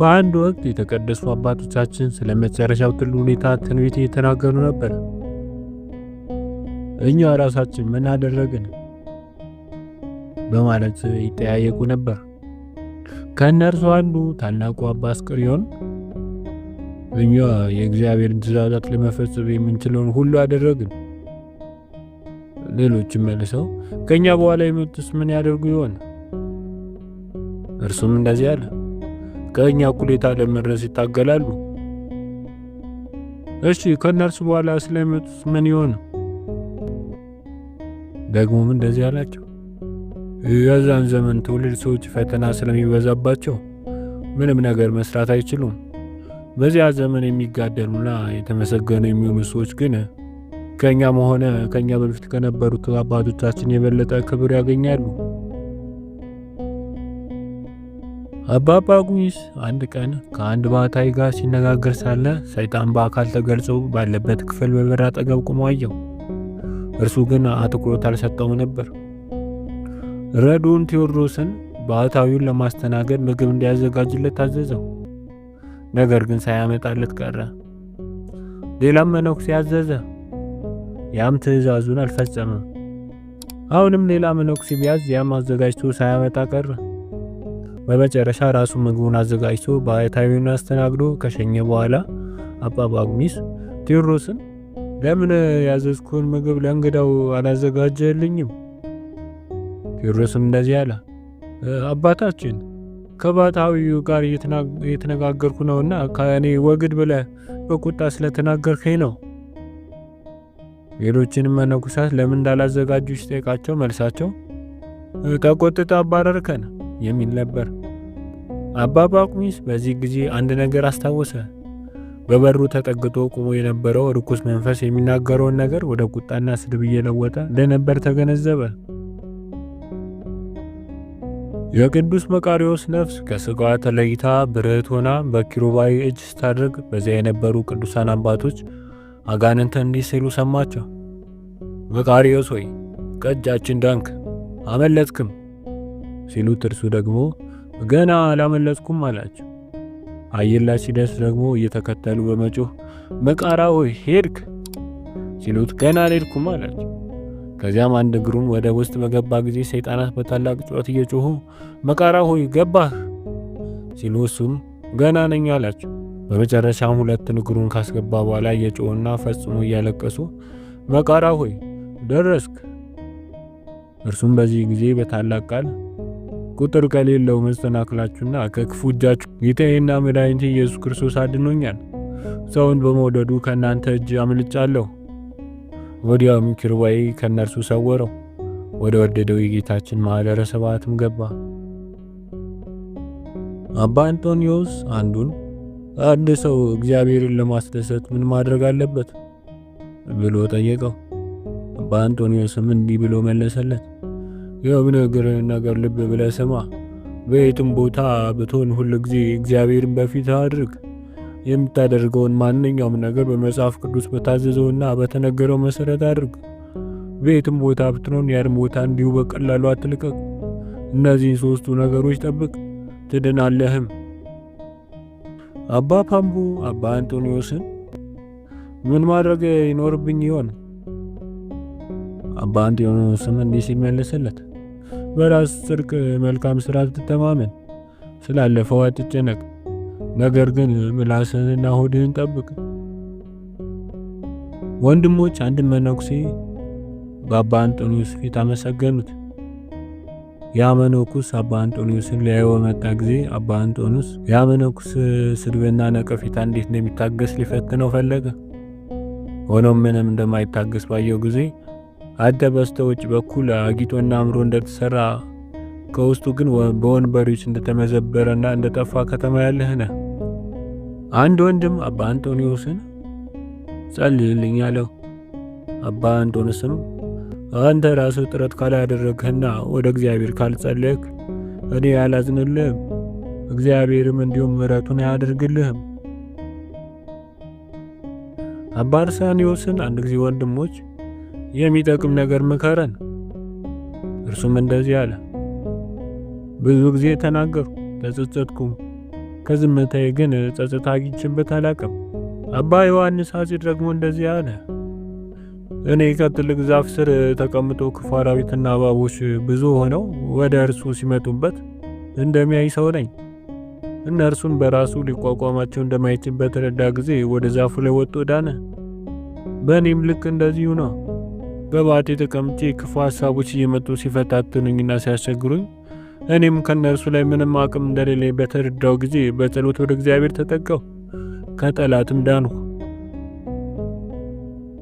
በአንድ ወቅት የተቀደሱ አባቶቻችን ስለ መጨረሻው ትል ሁኔታ ትንቢት እየተናገሩ ነበር። እኛ ራሳችን ምን አደረግን በማለት ይጠያየቁ ነበር። ከእነርሱ አንዱ ታላቁ አባ አስቅሪዮን እኛ የእግዚአብሔርን ትእዛዛት ለመፈጸም የምንችለውን ሁሉ አደረግን። ሌሎችም መልሰው ከእኛ በኋላ የመጡስ ምን ያደርጉ ይሆን? እርሱም እንደዚህ አለ። ከእኛ ኩሌታ ለመድረስ ይታገላሉ። እሺ ከእነርሱ በኋላ ስለሚመጡት ምን ይሆን? ደግሞም እንደዚህ አላቸው፣ የዛን ዘመን ትውልድ ሰዎች ፈተና ስለሚበዛባቸው ምንም ነገር መስራት አይችሉም። በዚያ ዘመን የሚጋደሉና የተመሰገኑ የሚሆኑ ሰዎች ግን ከእኛም ሆነ ከእኛ በፊት ከነበሩት አባቶቻችን የበለጠ ክብር ያገኛሉ። አባባ ጉይስ አንድ ቀን ከአንድ ባህታዊ ጋር ሲነጋገር ሳለ ሰይጣን በአካል ተገልጾ ባለበት ክፍል በበር አጠገብ ቆሞ አየው። እርሱ ግን አትኩሮት አልሰጠው ነበር። ረዱን ቴዎድሮስን ባህታዊውን ለማስተናገድ ምግብ እንዲያዘጋጅለት አዘዘው ነገር ግን ሳያመጣለት ቀረ። ሌላም መነኩሴ አዘዘ። ያም ትዕዛዙን አልፈጸመም። አሁንም ሌላ መነኩሴ ቢያዝ ያም አዘጋጅቶ ሳያመጣ ቀረ። በመጨረሻ ራሱ ምግቡን አዘጋጅቶ ባህታዊውን አስተናግዶ ከሸኘ በኋላ አባ ጳጉሚስ ቴዎድሮስን ለምን ያዘዝኩን ምግብ ለእንግዳው አላዘጋጀልኝም? ቴዎድሮስም እንደዚህ አለ፣ አባታችን ከባህታዊው ጋር የተነጋገርኩ ነውና ከእኔ ወግድ ብለ በቁጣ ስለተናገርከኝ ነው። ሌሎችንም መነኩሳት ለምን እንዳላዘጋጁ ሲጠይቃቸው መልሳቸው ተቆጥተ አባረርከን የሚል ነበር። አባ ጳኩሚስ በዚህ ጊዜ አንድ ነገር አስታወሰ። በበሩ ተጠግቶ ቆሞ የነበረው ርኩስ መንፈስ የሚናገረውን ነገር ወደ ቁጣና ስድብ እየለወጠ እንደነበር ተገነዘበ። የቅዱስ መቃሪዎስ ነፍስ ከስጋዋ ተለይታ ብርህት ሆና በኪሩባዊ እጅ ስታድርግ በዚያ የነበሩ ቅዱሳን አባቶች አጋንንተ እንዲህ ሲሉ ሰማቸው። መቃሪዎስ ሆይ ቀጃችን ዳንክ፣ አመለጥክም ሲሉት እርሱ ደግሞ ገና አላመለጥኩም አላቸው። አየር ላይ ሲደርስ ደግሞ እየተከተሉ በመጮህ መቃራ ሆይ ሄድክ? ሲሉት ገና አልሄድኩም አላቸው። ከዚያም አንድ እግሩን ወደ ውስጥ በገባ ጊዜ ሰይጣናት በታላቅ ጩኸት እየጮሁ መቃራ ሆይ ገባህ? ሲሉ እሱም ገና ነኝ አላቸው። በመጨረሻም ሁለት እግሩን ካስገባ በኋላ እየጮሁና ፈጽሞ እያለቀሱ መቃራ ሆይ ደረስክ። እርሱም በዚህ ጊዜ በታላቅ ቃል ቁጥር ከሌለው መሰናክላችሁና ከክፉ እጃችሁ ጌታዬና መድኃኒቴ ኢየሱስ ክርስቶስ አድኖኛል። ሰውን በመውደዱ ከእናንተ እጅ አምልጫለሁ። ወዲያውም ኪሩቤል ከእነርሱ ሰወረው፣ ወደ ወደደው የጌታችን ማኅደረ ስብዓትም ገባ። አባ አንቶኒዮስ አንዱን አንድ ሰው እግዚአብሔርን ለማስደሰት ምን ማድረግ አለበት ብሎ ጠየቀው። አባ አንጦንዮስም እንዲህ ብሎ መለሰለት። የምነግርህን ነገር ልብ ብለህ ስማ። በየትም ቦታ ብትሆን ሁል ጊዜ እግዚአብሔርን በፊት አድርግ። የምታደርገውን ማንኛውም ነገር በመጽሐፍ ቅዱስ በታዘዘውና በተነገረው መሰረት አድርግ። በየትም ቦታ ብትሆን ያን ቦታ እንዲሁ በቀላሉ አትልቀቅ። እነዚህን ሶስቱ ነገሮች ጠብቅ፣ ትድናለህም። አባ ፓምቡ አባ አንጦንዮስን ምን ማድረግ ይኖርብኝ ይሆን? አባ አንጦንዮስም እንዲህ ሲመልስለት በራስ ጽድቅ መልካም ስራ ትተማመን። ስላለፈው አትጨነቅ፣ ነገር ግን ምላስህንና ሆድህን ጠብቅ። ወንድሞች አንድ መነኩሴ በአባ አንጦንዮስ ፊት አመሰገኑት። ያ መነኩስ አባ አንጦንዮስን ሊያየው በመጣ ጊዜ አባ አንጦንዮስ ያ መነኩስ ስድብና ነቀፌታ እንዴት እንደሚታገስ ሊፈትነው ፈለገ። ሆኖም ምንም እንደማይታገስ ባየው ጊዜ አንተ በስተ ውጭ በኩል አጊጦና አምሮ እንደተሰራ ከውስጡ ግን በወንበዴዎች እንደተመዘበረና እንደጠፋ ከተማ ያለህነ አንድ ወንድም አባ አንጦንዮስን ጸልይልኝ አለው። አባ አንጦንስም አንተ ራስህ ጥረት ካላደረግህና ወደ እግዚአብሔር ካልጸለይክ እኔ አላዝንልህም፣ እግዚአብሔርም እንዲሁም ምሕረቱን አያደርግልህም። አባ አንድ ጊዜ ወንድሞች የሚጠቅም ነገር ምከረን። እርሱም እንደዚህ አለ፣ ብዙ ጊዜ ተናገርኩ ተጸጸትኩም፣ ከዝምታዬ ግን ጸጸት አግኝቼበት አላቅም። አባ ዮሐንስ ሐጺር ደግሞ እንደዚህ አለ፣ እኔ ከትልቅ ዛፍ ስር ተቀምጦ ክፉ አራዊትና እባቦች ብዙ ሆነው ወደ እርሱ ሲመጡበት እንደሚያይ ሰው ነኝ። እነርሱን በራሱ ሊቋቋማቸው እንደማይችል በተረዳ ጊዜ ወደ ዛፉ ላይ ወጥቶ ዳነ። በእኔም ልክ እንደዚሁ ነው። በባቴ ተቀምጬ ክፉ ሀሳቦች እየመጡ ሲፈታትኑኝና ሲያስቸግሩኝ እኔም ከእነርሱ ላይ ምንም አቅም እንደሌለኝ በተረዳው ጊዜ በጸሎት ወደ እግዚአብሔር ተጠጋሁ፣ ከጠላትም ዳንሁ።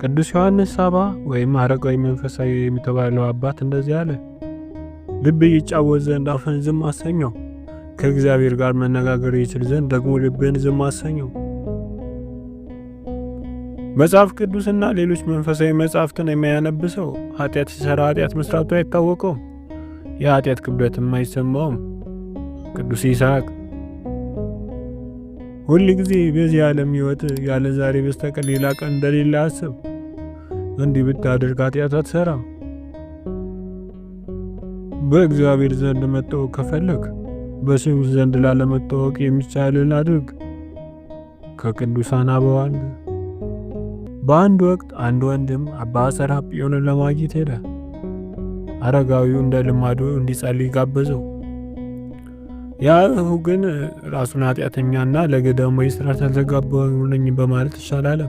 ቅዱስ ዮሐንስ ሳባ ወይም አረጋዊ መንፈሳዊ የሚተባለው አባት እንደዚህ አለ። ልብ ይጫወት ዘንድ አፍን ዝም አሰኘው፣ ከእግዚአብሔር ጋር መነጋገር ይችል ዘንድ ደግሞ ልብን ዝም አሰኘው። መጽሐፍ ቅዱስና ሌሎች መንፈሳዊ መጽሐፍትን የማያነብ ሰው ኃጢአት ሲሠራ ኃጢአት መስራቱ አይታወቀውም፣ የኃጢአት ክብደትም አይሰማውም። ቅዱስ ይስሐቅ ሁል ጊዜ በዚህ ዓለም ሕይወት ያለ ዛሬ በስተቀር ሌላ ቀን እንደሌለ አስብ። እንዲህ ብታደርግ ኃጢአት አትሰራም። በእግዚአብሔር ዘንድ መታወቅ ከፈለግ በሰው ዘንድ ላለመታወቅ የሚቻልን አድርግ። ከቅዱሳን አበው አንዱ በአንድ ወቅት አንድ ወንድም አባ ሰራጵዮንን ለማግኘት ሄደ። አረጋዊው እንደ ልማዱ እንዲጸልይ ጋበዘው። ያሁ ግን ራሱን ኃጢአተኛና ለገዳማዊ ስርዓት ያልተጋባሁ ነኝ በማለት ይሻላል።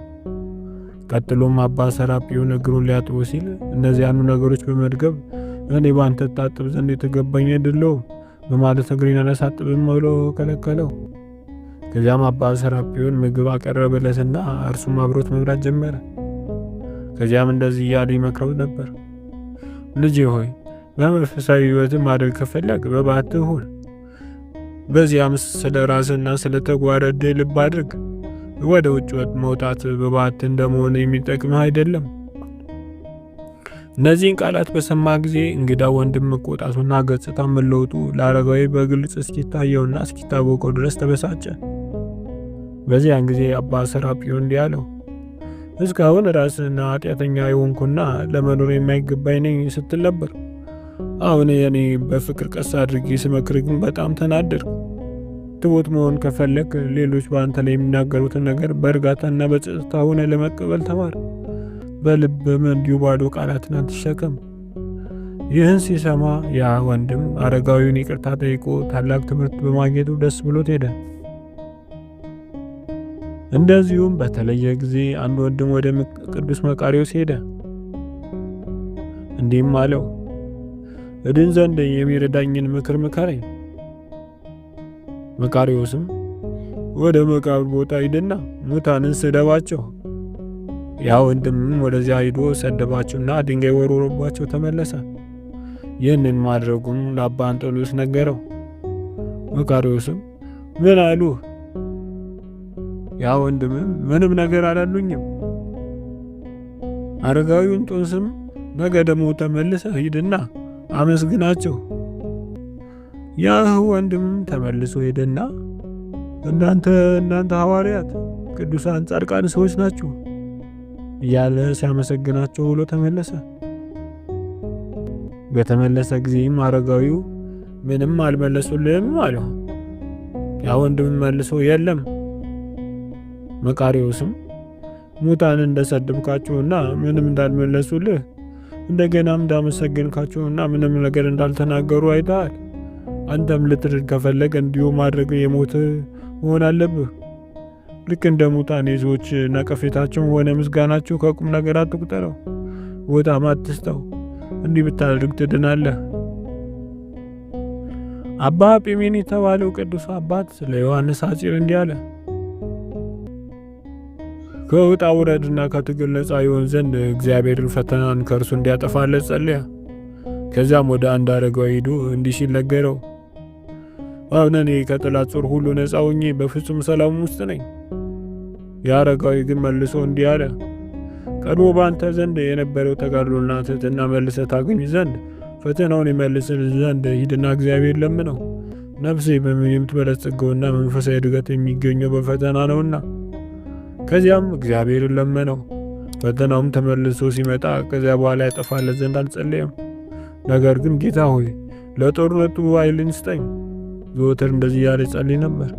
ቀጥሎም አባ ሰራጵዮን እግሩን ሊያጥቡ ሲል እነዚያኑ ነገሮች በመድገብ እኔ ባንተ ታጥብ ዘንድ የተገባኝ አይደለሁም በማለት እግሬን አላሳጥብም ብሎ ከለከለው። ከዚያም አባ ሰራጵዮን ምግብ አቀረበለትና እርሱም አብሮት መብላት ጀመረ። ከዚያም እንደዚህ እያሉ ይመክረው ነበር። ልጄ ሆይ በመንፈሳዊ ሕይወትም ማደግ ከፈለግ በባት ሁን። በዚያም ስለ ራስና ስለ ተጓረደ ልብ አድርግ። ወደ ውጭ መውጣት በባት እንደመሆነ የሚጠቅምህ አይደለም። እነዚህን ቃላት በሰማ ጊዜ እንግዳ ወንድም መቆጣቱና ገጽታ መለውጡ ለአረጋዊ በግልጽ እስኪታየውና እስኪታወቀው ድረስ ተበሳጨ። በዚያን ጊዜ አባ ሰራጵዮ እንዲህ አለው፣ እስካሁን ራስና ኃጢአተኛ የሆንኩና ለመኖር የማይገባኝ ነኝ ስትል ነበር። አሁን እኔ በፍቅር ቀስ አድርጌ ስመክር ግን በጣም ተናደድኩ። ትቦት መሆን ከፈለግ ሌሎች በአንተ ላይ የሚናገሩትን ነገር በእርጋታና በጸጥታ ሆነ ለመቀበል ተማር። በልብም እንዲሁ ባዶ ቃላትን አትሸከም። ይህን ሲሰማ ያ ወንድም አረጋዊውን ይቅርታ ጠይቆ ታላቅ ትምህርት በማግኘቱ ደስ ብሎት ሄደ። እንደዚሁም በተለየ ጊዜ አንድ ወንድም ወደ ቅዱስ መቃሪዎስ ሄደ፣ እንዲህም አለው እድን ዘንድ የሚረዳኝን ምክር ምከረኝ። መቃሪዎስም ወደ መቃብር ቦታ ሂድና ሙታንን ስደባቸው። ያ ወንድምም ወደዚያ ሂዶ ሰደባቸውና ድንጋይ ወርውሮባቸው ተመለሰ። ይህንን ማድረጉም ለአባ ነገረው። መቃርዮስም ምን አሉህ? ያ ወንድምም ምንም ነገር አላሉኝም። አረጋዊውን ጦንስም ነገ ደግሞ ተመልሰህ ሂድና አመስግናቸው። ያህ ወንድምም ተመልሶ ሄደና እናንተ እናንተ ሐዋርያት፣ ቅዱሳን፣ ጻድቃን ሰዎች ናችሁ እያለ ሲያመሰግናቸው ብሎ ተመለሰ። በተመለሰ ጊዜም አረጋዊው ምንም አልመለሱልም አለው። ያ ወንድም መልሶ የለም መቃሪዎስም ሙታን እንደሰደብካቸውና ምንም እንዳልመለሱልህ እንደገናም እንዳመሰገንካቸውና ምንም ነገር እንዳልተናገሩ አይተሃል። አንተም ልትድን ከፈለግ እንዲሁ ማድረግ የሞት መሆን አለብህ። ልክ እንደ ሙታን የሰዎች ነቀፌታቸውን ሆነ ምስጋናቸው ከቁም ነገር አትቁጠረው፣ ቦታም አትስጠው። እንዲህ ብታደርግ ትድናለህ። አባ ጲሜን የተባለው ቅዱስ አባት ስለ ዮሐንስ ሐፂር እንዲህ አለ። ከውጣ ውረድና ከትግል ነፃ ይሆን ዘንድ እግዚአብሔር ፈተናን ከእርሱ እንዲያጠፋለት ጸልያ። ከዚያም ወደ አንድ አረጋዊ ሂዶ እንዲህ ሲል ነገረው፣ አሁን እኔ ከጠላት ጦር ሁሉ ነፃ ሆኜ በፍጹም ሰላም ውስጥ ነኝ። የአረጋዊ ግን መልሶ እንዲህ አለ፣ ቀድሞ በአንተ ዘንድ የነበረው ተጋድሎና ትሕትና መልሰ ታገኝ ዘንድ ፈተናውን ይመልስል ዘንድ ሂድና እግዚአብሔር ለምነው። ነፍሴ በምን የምትበለጽገውና መንፈሳዊ እድገት የሚገኘው በፈተና ነውና ከዚያም እግዚአብሔርን ለመነው። ፈተናውም ተመልሶ ሲመጣ ከዚያ በኋላ ያጠፋለት ዘንድ አልጸለየም። ነገር ግን ጌታ ሆይ ለጦርነቱ ኃይልን ስጠኝ ዘወትር እንደዚህ ያለ ይጸልይ ነበር።